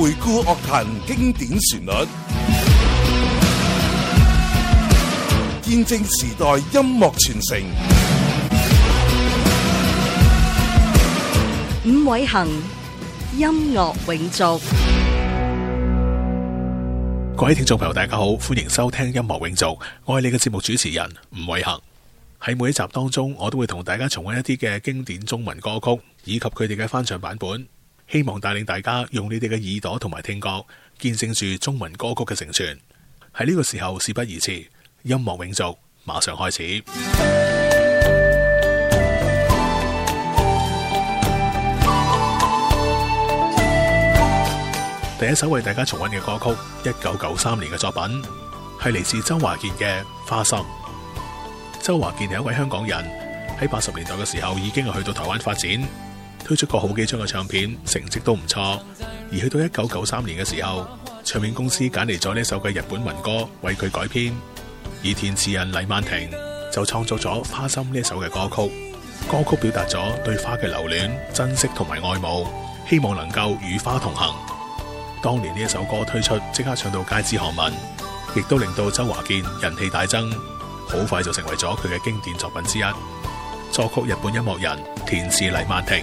回顧樂壇經典旋律，見證時代音樂傳承。伍偉恒，音樂永續。各位聽眾朋友，大家好，歡迎收聽《音樂永續》，我係你嘅節目主持人伍偉恒。喺每一集當中，我都會同大家重温一啲嘅經典中文歌曲，以及佢哋嘅翻唱版本。希望帶領大家用你哋嘅耳朵同埋聽覺見證住中文歌曲嘅承傳。喺呢個時候，事不宜遲，音樂永續，馬上開始。第一首為大家重溫嘅歌曲，一九九三年嘅作品，係嚟自周華健嘅《花心》。周華健係一位香港人，喺八十年代嘅時候已經去到台灣發展。推出過好幾張嘅唱片，成績都唔錯。而去到一九九三年嘅時候，唱片公司揀嚟咗呢首嘅日本民歌為佢改編，而填詞人黎曼婷就創作咗《花心》呢首嘅歌曲。歌曲表達咗對花嘅留戀、珍惜同埋愛慕，希望能夠與花同行。當年呢一首歌推出，即刻唱到街知巷聞，亦都令到周華健人氣大增，好快就成為咗佢嘅經典作品之一。作曲日本音樂人，填詞黎曼婷。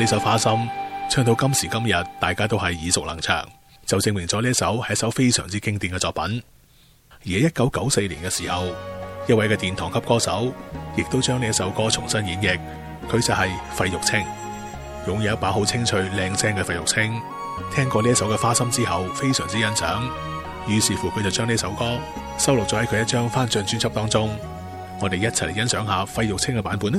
呢首花心唱到今時今日，大家都係耳熟能詳，就證明咗呢首係一首非常之經典嘅作品。而喺一九九四年嘅時候，一位嘅殿堂級歌手亦都將呢一首歌重新演繹，佢就係費玉清，擁有一把好清脆靚聲嘅費玉清。聽過呢一首嘅花心之後，非常之欣賞，於是乎佢就將呢首歌收錄咗喺佢一張翻唱專輯當中。我哋一齊嚟欣賞下費玉清嘅版本啦。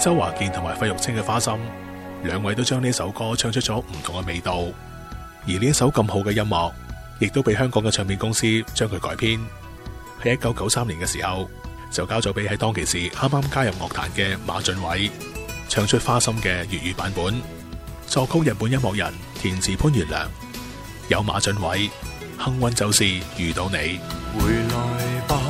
周華健同埋費玉清嘅《花心》，兩位都將呢首歌唱出咗唔同嘅味道。而呢一首咁好嘅音樂，亦都俾香港嘅唱片公司將佢改編。喺一九九三年嘅時候，就交咗俾喺當其時啱啱加入樂壇嘅馬浚偉，唱出《花心》嘅粵語版本。作曲日本音樂人，填詞潘源良。有馬浚偉，幸運就是遇到你。回來吧。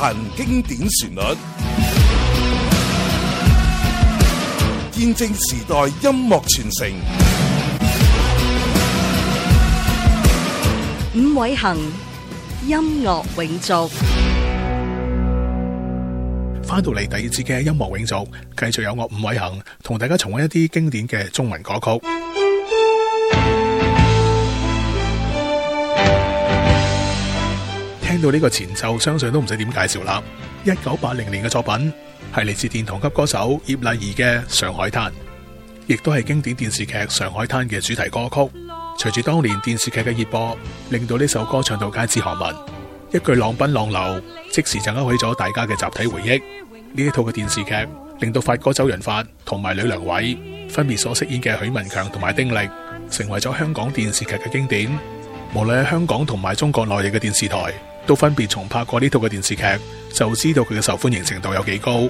行經典旋律，見證時代音樂傳承。伍偉恆音樂永續，翻到嚟第二節嘅音樂永續，繼續有我伍偉恆同大家重溫一啲經典嘅中文歌曲。聽到呢個前奏，相信都唔使點介紹啦。一九八零年嘅作品係嚟自殿堂級歌手葉麗儀嘅《上海灘》，亦都係經典電視劇《上海灘》嘅主題歌曲。隨住當年電視劇嘅熱播，令到呢首歌唱到街知巷聞，一句浪奔浪流，即時就勾起咗大家嘅集體回憶。呢一套嘅電視劇令到發哥周潤發同埋呂良偉分別所飾演嘅許文強同埋丁力，成為咗香港電視劇嘅經典。無論喺香港同埋中國內地嘅電視台，都分別重拍過呢套嘅電視劇，就知道佢嘅受歡迎程度有幾高。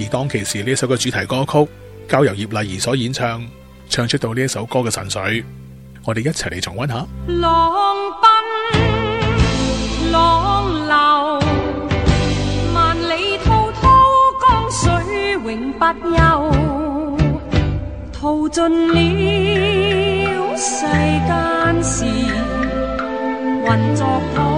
而當其時呢首嘅主題歌曲交由葉麗儀所演唱，唱出到呢一首歌嘅神髓。我哋一齊嚟重温下。浪奔，浪流，萬里滔滔江水永不休。淘盡了世間事，作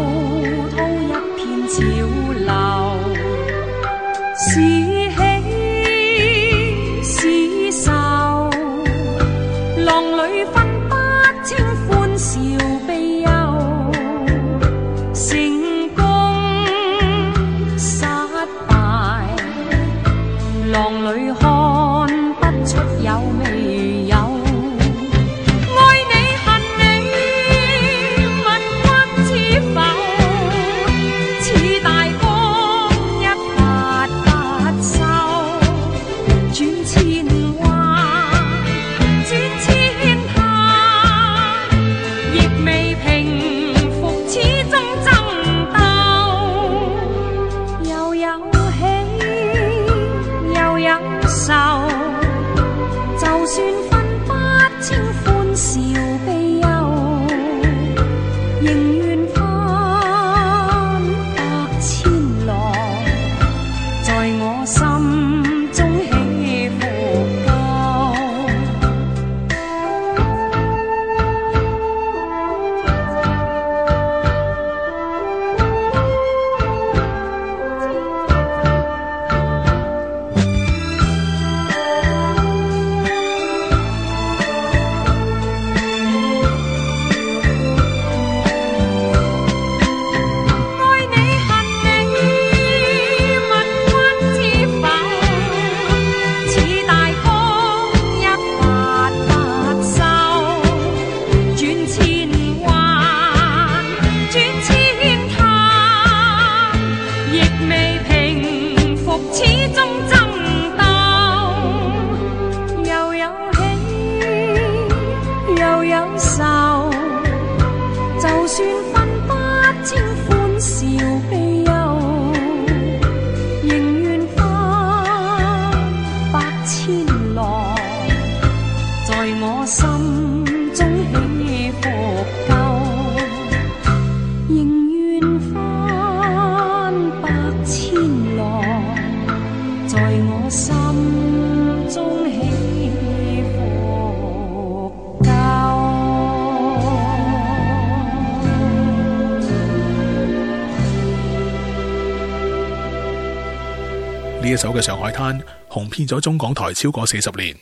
演咗中港台超過四十年，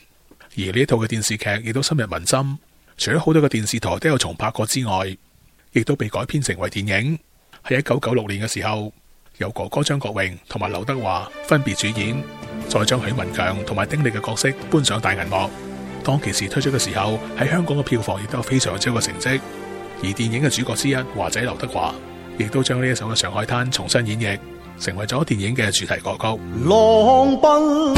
而呢一套嘅電視劇亦都深入民心。除咗好多嘅電視台都有重拍過之外，亦都被改編成為電影。喺一九九六年嘅時候，由哥哥張國榮同埋劉德華分別主演，再將許文強同埋丁力嘅角色搬上大銀幕。當其時推出嘅時候，喺香港嘅票房亦都有非常之高嘅成績。而電影嘅主角之一華仔劉德華，亦都將呢一首嘅《上海灘》重新演繹。成為咗電影嘅主題歌曲。浪奔，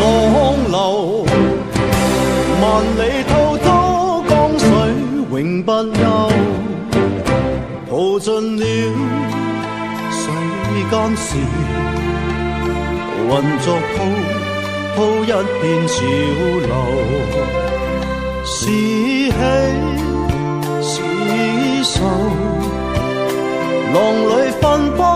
浪流，萬里滔滔江水永不休，淘盡了世間事，混作滔滔一片潮流，是喜是愁，浪裡分不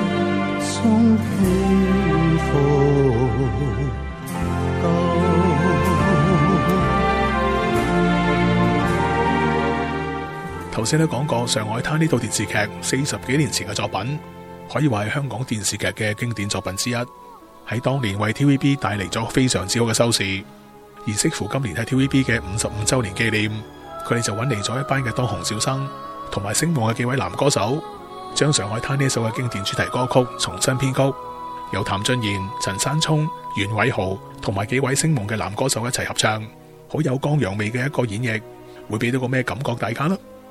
頭先都講過《上海灘》呢套電視劇四十幾年前嘅作品，可以話係香港電視劇嘅經典作品之一，喺當年為 TVB 帶嚟咗非常之好嘅收視。而適逢今年係 TVB 嘅五十五周年紀念，佢哋就搵嚟咗一班嘅當紅小生同埋聲夢嘅幾位男歌手，將《上海灘》呢首嘅經典主題歌曲重新編曲，由譚俊彥、陳山聰、袁偉豪同埋幾位聲夢嘅男歌手一齊合唱，好有江洋味嘅一個演繹，會俾到個咩感覺大家呢？